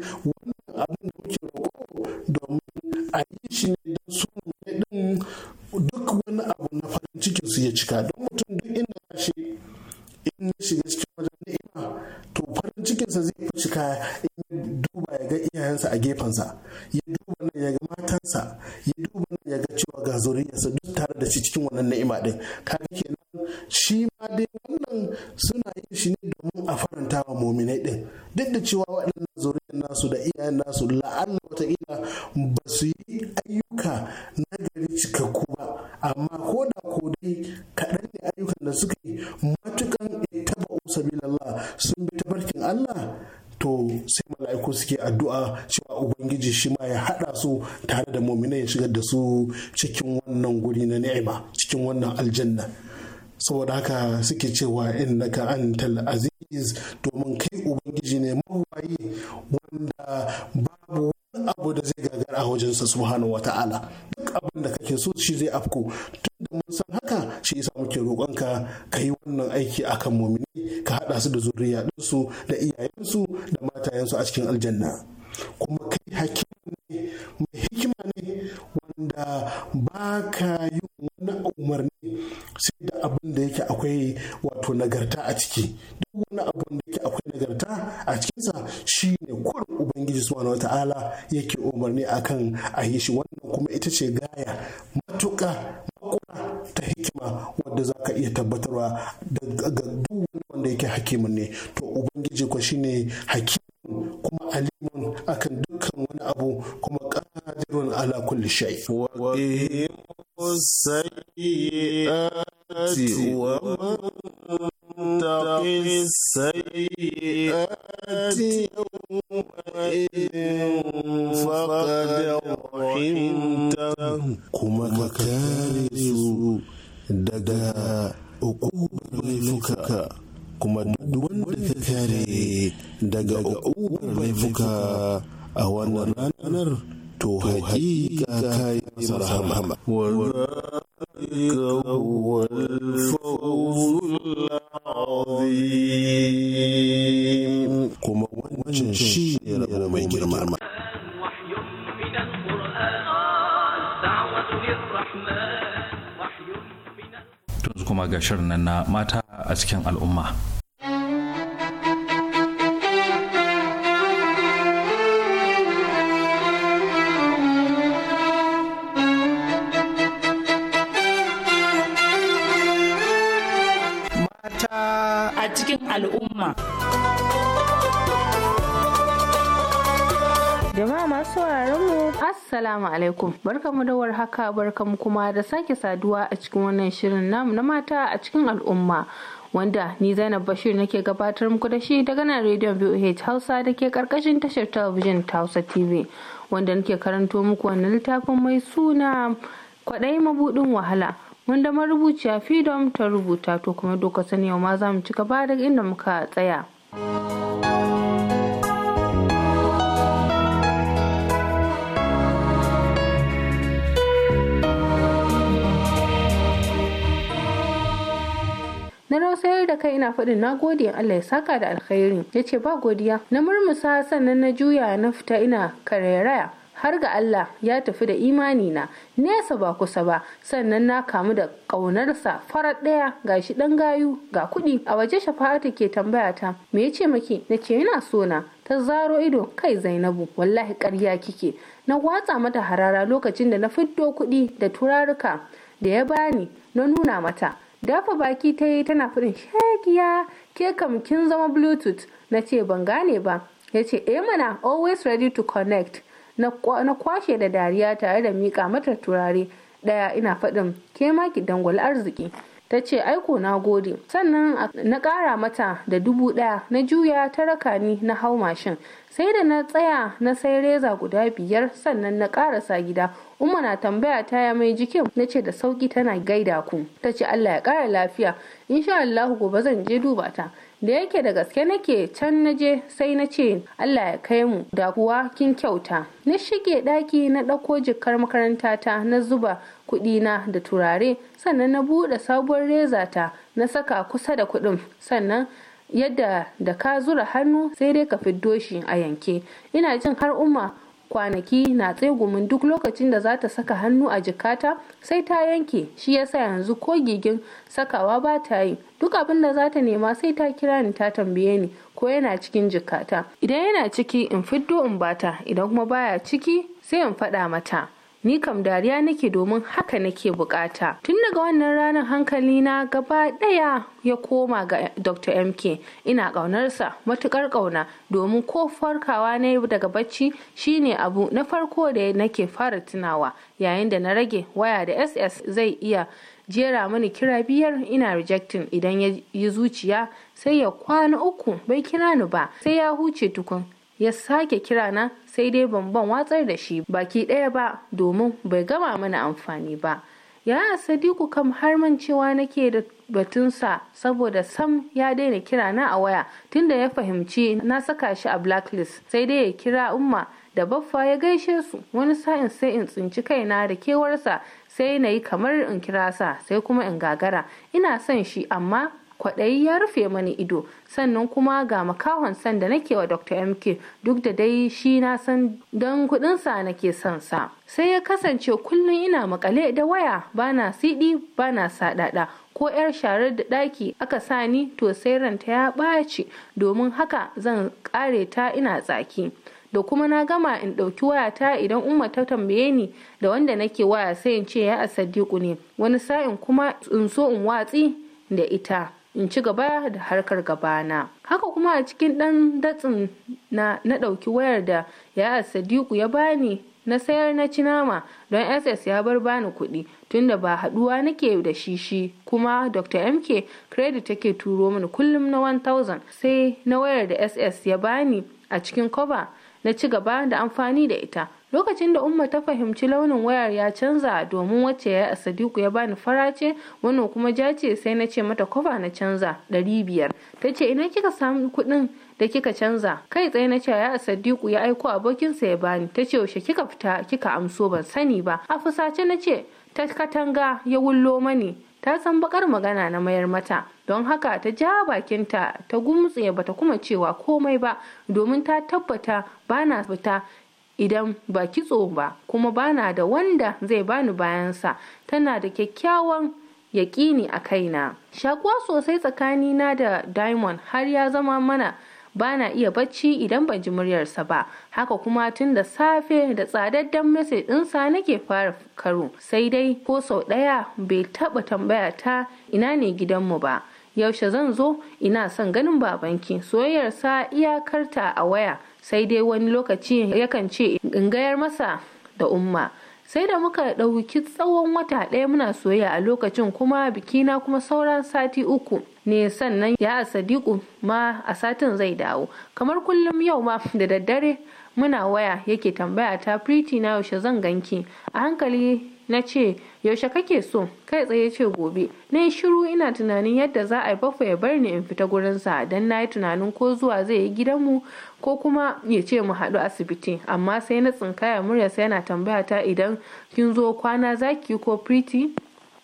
din kaga kenan shi ma dai wannan suna yin shi ne domin a faranta wa muminai din duk da cewa waɗannan zuriyar nasu da iyayen nasu la'alla wataƙila ba su yi ayyuka na gari cikakku ba amma ko da ko dai kaɗan ne ayyukan da suka yi matukan ittaba sabilillah sun bi ta "Barkin Allah to sai mala'iku suke addu'a cewa ubangiji shi ma ya haɗa su tare da muminai ya shigar da su cikin wannan guri na ni'ima cikin wannan aljanna saboda haka suke cewa innaka antal aziz domin kai ubangiji ne mawaye wanda babu wani abu da zai gagara a wajensa subhanahu wata'ala duk abin da kake so shi zai afko tun da mun san haka shi yasa muke roƙonka ka yi wannan aiki akan mumini ka haɗa su da zuriya ɗinsu da iyayensu da matayensu a cikin aljanna kuma kai hakimi ne mai hikima ne wanda ba ka yi wani umarni sai da abin da yake akwai wato nagarta a ciki duk wani abin da yake akwai nagarta a cikinsa shi ne kurin ubangiji subhanahu wata'ala yake umarni akan a yi shi wannan kuma ita ce gaya matuƙa makura ta hikima wadda za ka iya tabbatarwa daga duk wanda yake hakimin ne to ubangiji ko shine hakim kuma alimun akan dukkan wani abu kuma qadirun ala kulli shay wa sayyi'ati wa mata a cikin al'umma alaikum. Barkamu da warhaka barkamu kuma da sake saduwa a cikin wannan shirin namu na mata a cikin al'umma. Wanda ni Zainab Bashir nake gabatar muku da shi daga nan rediyon VOH Hausa da ke karkashin tashar talabijin ta Hausa TV. Wanda nake karanto muku wannan littafin mai suna kwaɗayi mabuɗin wahala. Wanda marubuciya Freedom ta rubuta to kuma doka sani yau ma za mu ci gaba daga inda muka tsaya. na rausayar da kai ina faɗin na gode Allah ya saka da alkhairi yace ba godiya na murmusa sannan na juya na fita ina karairaya har ga Allah ya tafi da imani na nesa ba kusa ba sannan na kamu da ƙaunarsa farar ɗaya ga shi ɗan gayu ga kuɗi a waje shafa'atu ke tambaya ta me ya ce maki na ce yana sona ta zaro ido kai zainabu wallahi ƙarya kike na watsa mata harara lokacin da na fiddo kuɗi da turaruka da ya bani na nuna mata dafa baki ta yi tana faɗin shagiya ke kam kin zama bluetooth na ce ban gane ba ya ce eh mana always ready to connect na kwashe da dariya tare da miƙa mata turare daya ina faɗin ke maki dangwal arziki ta ce aiko na gode sannan na ƙara mata da dubu ɗaya na juya ta raka ni na hau mashin sai da na tsaya na sai reza guda biyar sannan na karasa gida umma na tambaya ta ya mai jikin na ce da sauki tana gaida ku ta ce allah ya kara lafiya insha allahu gobe zan je duba ta da yake da gaske nake can naje sai na ce allah ya kai mu da kuwa kin kyauta na shige daki na ɗauko jikar makaranta ta na zuba kudina da turare sannan na buɗe sabuwar reza ta na saka kusa da kuɗin sannan yadda da ka zura hannu sai dai ka fiddo shi a yanke ina jin har umma kwanaki na tsegumin duk lokacin da za ta saka hannu a jikata sai ta yanke shi yasa yanzu ko gigin sakawa ba ta yi duk abin da za ta nema sai ta kira ni ta tambaye ni ko yana cikin jikata idan yana ciki in fiddo in bata idan kuma baya ciki sai in faɗa mata ni kam dariya nake domin haka nake bukata tun daga wannan ranar hankali na gaba daya ya koma ga eh, dr mk ina ƙaunarsa matukar ƙauna domin ko farkawa na daga bacci shine abu na farko da nake fara tunawa yayin da na rage waya da ss zai iya jera mani kira biyar ina rejecting idan ya yi zuciya sai ya kwana uku bai kira ni ba sai ya huce tukun ya sake kira na sai dai ban watsar da shi baki ɗaya ba domin bai gama mana amfani ba ya sadiku kam har man cewa nake da batunsa saboda sam ya daina kira na a waya tunda ya fahimci na saka shi a blacklist sai dai ya kira umma da baffa ya gaishe su wani sa'in sai in tsinci kaina da kewarsa sai na yi kamar in kira sa sai kuma in gagara ina son shi amma kwaɗayi ya rufe mani ido sannan kuma ga makahon san da nake wa dr mk duk da dai shi na san don kuɗinsa nake son sa sai ya kasance kullum ina makale da waya bana siɗi bana saɗaɗa ko 'yar sharar da ɗaki aka sani to sai ranta ya ɓaci domin haka zan ƙare ta ina tsaki da kuma na gama in ɗauki wayata idan umma ta tambaye ni da wanda nake waya sai in ce ya a ne wani sa'in kuma in so in watsi da ita in ci gaba da harkar gabana haka kuma a cikin ɗan datsin na na ɗauki wayar da ya sadiku ya bani na sayar na ci nama don ss ya bar bani kuɗi tunda ba haɗuwa nake da shi shi kuma dr mk credit take turo mini kullum na 1000 sai na wayar da ss ya bani a cikin kwaba na ci gaba da amfani da ita lokacin da umma ta fahimci launin wayar ya canza domin wacce ya a sadiku ya bani farace ce wannan kuma jace sai na ce mata kwafa na canza ɗari biyar ta ce ina kika samu kuɗin da kika canza kai tsaye na ce ya a sadiku ya aiko abokinsa ya bani ta ce yaushe kika fita kika amso ban sani ba a fusace na ce ta katanga ya wullo mani ta san bakar magana na mayar mata don haka ta ja bakinta ta gumtse bata kuma cewa komai ba domin ta tabbata bana fita idan ba kitso ba kuma bana da wanda zai bani bayansa tana da kyakkyawan yaƙini a kaina shakuwa sosai tsakanina da diamond har ya zama mana bana iya bacci idan ban ji muryarsa ba haka kuma tun da safe da tsadaddan message ɗinsa nake fara karo sai dai ko sau ɗaya bai taɓa tambaya ta ina ne gidanmu ba yaushe zan zo ina son ganin babanki soyayyarsa iyakarta a waya sai dai wani lokaci yakan ce in gayar masa da umma sai da muka ɗauki tsawon wata ɗaya muna soyayya a lokacin kuma bikina kuma sauran sati uku ne sannan ya a sadiku ma a satin zai dawo kamar kullum yau ma da daddare muna waya yake tambaya ta priti na yaushe zan ganki a hankali na ce yaushe kake so kai tsaye ce gobe na yi shiru ina tunanin yadda za a yi bafa ya bar ni in fita gurinsa don na yi tunanin ko zuwa zai yi gidanmu ko kuma ya ce mu haɗu asibiti amma sai na tsinkaya muryarsa yana tambaya ta idan kin zo kwana zaki ko priti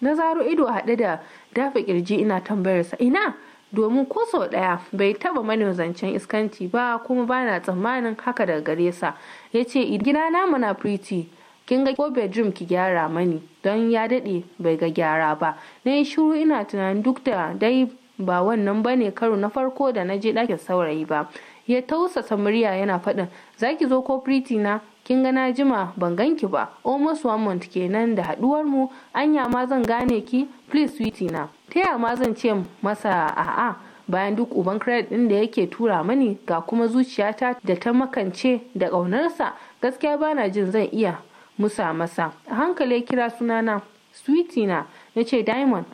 na zaro ido haɗe da dafa kirji ina tambayarsa ina domin ko sau ɗaya bai taɓa mani zancen iskanci ba kuma bana tsammanin haka daga gare sa ya ce gidana mana priti kin ga ko bedroom ki gyara mani don ya daɗe bai ga gyara ba na yi shiru ina tunanin duk da dai ba wannan bane karo na farko da na je ɗakin saurayi ba ya tausasa murya yana faɗin zaki zo ko na kin ga na jima ban ganki ba almost one month kenan da haduwar mu anya ma zan gane ki please sweetie na ta ma zan ce masa a'a bayan duk uban credit din da yake tura mani ga kuma zuciyata da ta makance da ƙaunarsa gaskiya bana jin zan iya musa masa a hankali ya kira sunana sweetie na ya ce diamond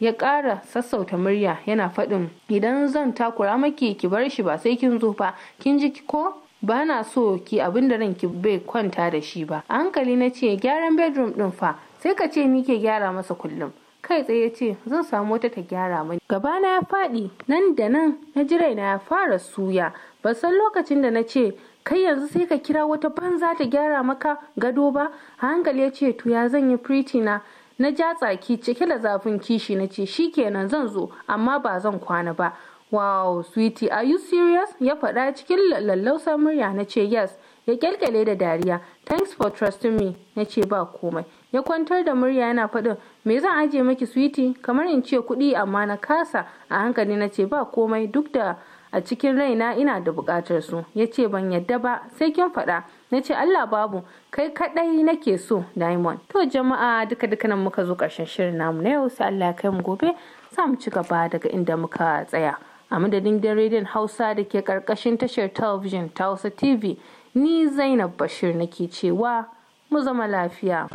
ya ƙara sassauta murya yana faɗin idan zan takura maki ki bar shi ba sai kin zo fa kin ji ko ba na so ki abin da ranki bai kwanta da shi ba a hankali na ce gyaran bedroom ɗin fa sai ka ce ni ke gyara masa kullum kai tsaye ce zan samu wata ta gyara mani gabana ya faɗi nan da nan na ji raina ya fara suya ban san lokacin da na ce kai yanzu sai ka kira wata banza ta gyara maka gado ba a hankali ya ce to ya zan yi firiti na na ja tsaki cike da zafin kishi na ce kenan zan zo amma ba zan kwana ba wow sweetie are you serious ya faɗa cikin lallausar murya na ce yes ya kyalkyale da dariya thanks for trusting me na ce ba komai ya kwantar da murya yana faɗin me zan ajiye maki sweetie kamar in ce kuɗi amma na kasa a hankali na ce ba komai duk da a cikin raina ina da bukatar su ya ce ban yadda ba sai kin faɗa na ce Allah babu kai kaɗai nake so Diamond to jama'a duka duka nan muka zo karshen shirin namu na yau sai Allah ya kai mu gobe za mu ci gaba daga inda muka tsaya a madadin da rediyon Hausa da ke karkashin tashar talabijin ta Hausa TV ni Zainab Bashir nake cewa mu zama lafiya.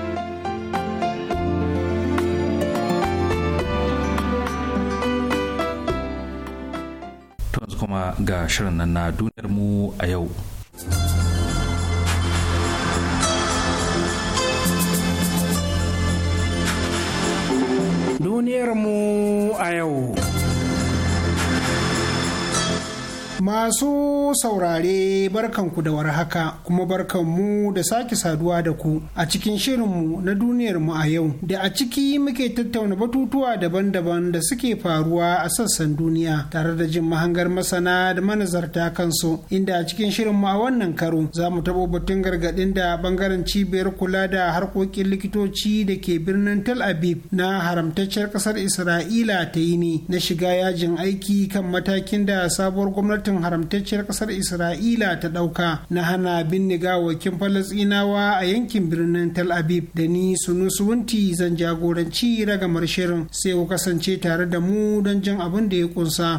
yanzu kuma ga shirin nan na duniyar mu a yau duniyar mu a yau Masu saurare barkanku da haka kuma barkanmu da sake saduwa da ku a cikin shirin mu na duniyarmu a yau da a ciki muke tattauna batutuwa daban-daban da suke faruwa a sassan duniya tare da jin mahangar masana da manazarta kansu inda a cikin shirinmu a wannan karo za mu taɓo batun gargaɗin da bangaren cibiyar kula da harkokin likitoci da ke birnin Tel Aviv na haramtacciyar ƙasar Isra'ila ta yi ne na shiga yajin aiki kan matakin da sabuwar gwamnati katin haramtacciyar kasar isra'ila ta ɗauka na hana binne gawakin falasinawa a yankin birnin tel aviv da ni sunusuwunti zan jagoranci ragamar shirin sai ku kasance tare da mu don jin abin da ya kunsa.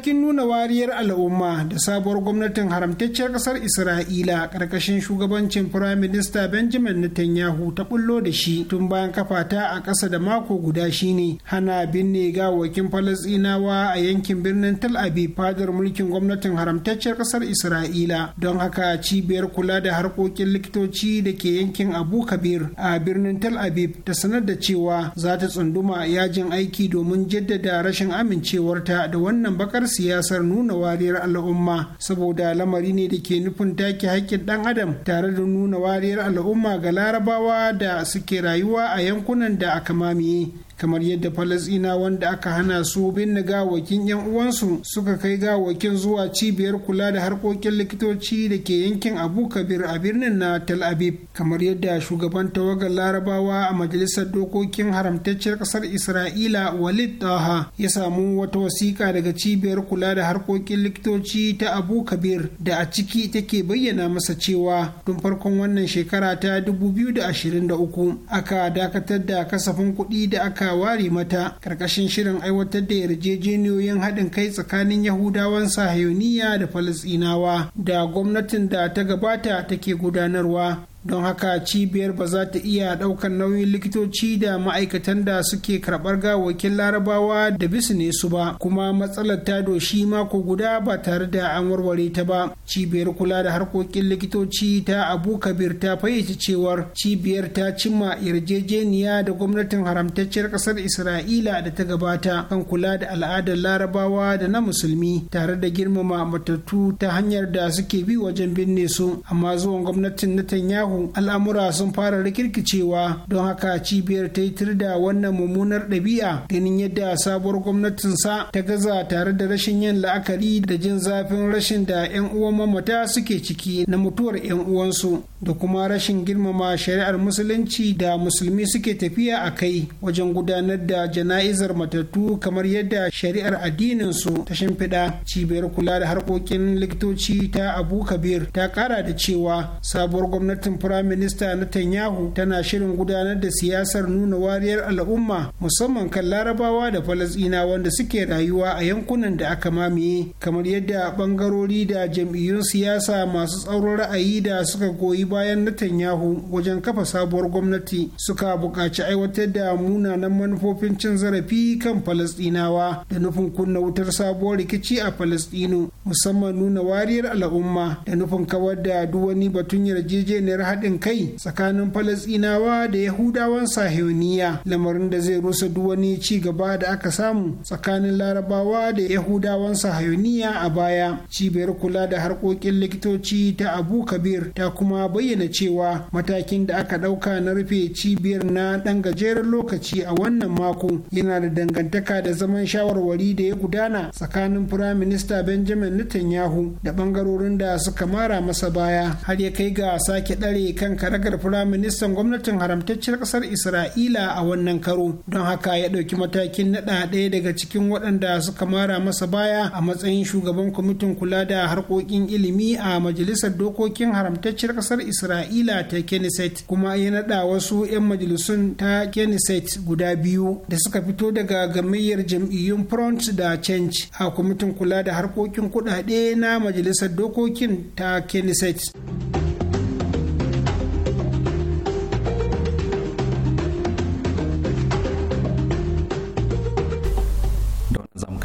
matakin nuna wariyar al'umma da sabuwar gwamnatin haramtacciyar kasar isra'ila karkashin shugabancin firaminista benjamin netanyahu ta bullo da shi tun bayan kafata a ƙasa da mako guda shine hana binne gawakin falasinawa a yankin birnin tel aviv fadar mulkin gwamnatin haramtacciyar kasar isra'ila don haka cibiyar kula da harkokin likitoci da ke yankin abu kabir a birnin tel aviv ta sanar da cewa za ta tsunduma yajin aiki domin jaddada rashin amincewarta da wannan bakar siyasar nuna wariyar al'umma saboda lamari ne da ke nufin take haƙƙin ɗan adam tare da nuna wariyar al'umma ga larabawa da suke rayuwa a yankunan da aka mamaye kamar yadda falasina wanda aka hana su binne gawakin yan uwansu suka kai gawakin zuwa cibiyar kula da harkokin likitoci da ke yankin abu kabir a birnin na tel aviv kamar yadda shugaban tawagar larabawa a majalisar dokokin haramtacciyar kasar isra'ila walid daha ya samu wata wasiƙa daga cibiyar kula da harkokin likitoci ta abu kabir da a ciki take bayyana masa cewa tun farkon wannan shekara ta 2023 aka dakatar da kasafin kuɗi da aka A ware mata karkashin shirin aiwatar da yarjejeniyoyin haɗin kai tsakanin yahudawan sahayoniya da falasinawa da gwamnatin da ta gabata take gudanarwa don haka cibiyar ba za ta iya ɗaukar nauyin likitoci da ma'aikatan da suke karɓar gawakin larabawa da ne su ba kuma matsalar ta doshi mako guda ba tare da an warware ta ba cibiyar kula da harkokin likitoci ta abu kabir ta fayyace cewar cibiyar ta cimma yarjejeniya da gwamnatin haramtacciyar ƙasar isra'ila da ta gabata kan kula da al'adar larabawa da na musulmi tare da girmama matattu ta hanyar da suke bi wajen binne su amma zuwan gwamnatin netanyahu netanyahu al'amura sun fara rikirkicewa don haka cibiyar ta yi da wannan mummunar ɗabi'a ganin yadda sabuwar gwamnatin sa ta gaza tare da rashin yin la'akari da jin zafin rashin da 'yan uwan mamata suke ciki na mutuwar 'yan uwansu da kuma rashin girmama shari'ar musulunci da musulmi suke tafiya a kai wajen gudanar da jana'izar matattu kamar yadda shari'ar addininsu ta shimfiɗa cibiyar kula da harkokin likitoci ta abu kabir ta ƙara da cewa sabuwar gwamnatin firaminista netanyahu tana shirin gudanar da siyasar nuna wariyar al'umma musamman kan larabawa da falasɗina wanda suke rayuwa a yankunan da aka mamaye kamar yadda bangarori da jam'iyyun siyasa masu tsauron ra'ayi da suka goyi bayan Netanyahu wajen kafa sabuwar gwamnati suka buƙaci aiwatar da munanan manufofin cin zarafi kan Falasɗinawa da nufin kunna wutar sabuwar rikici a Falasɗinu musamman nuna wariyar al'umma da nufin kawar da duwani wani batun yarjejeniyar haɗin kai tsakanin Falasɗinawa da Yahudawan Sahiyoniya lamarin da zai rusa duwani wani ci gaba da aka samu tsakanin Larabawa da Yahudawan Sahiyoniya a baya cibiyar kula da harkokin likitoci ta Abu Kabir ta kuma bayyana cewa matakin da aka ɗauka na rufe cibiyar na ɗan gajeren lokaci a wannan mako yana da dangantaka da zaman shawarwari da ya gudana tsakanin firaminista benjamin netanyahu da ɓangarorin da suka mara masa baya har ya kai ga sake ɗare kan karagar firaministan gwamnatin haramtacciyar ƙasar isra'ila a wannan karo don haka ya ɗauki matakin naɗa ɗaya daga cikin waɗanda suka mara masa baya a matsayin shugaban kwamitin kula da harkokin ilimi a majalisar dokokin haramtacciyar ƙasar isra'ila ta kenneth kuma ya naɗa wasu 'yan majalisun ta kenneth guda biyu da suka fito daga gamayyar jam'iyyun front da change a kwamitin kula da harkokin kudade na majalisar dokokin ta kenneth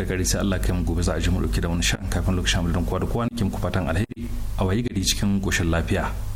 gari sai Allah kai mu gobe za a ji mu da wani sha'an kafin lokacin amurin kwa da kowa nake muku fatan alheri a wayi gari cikin goshin lafiya.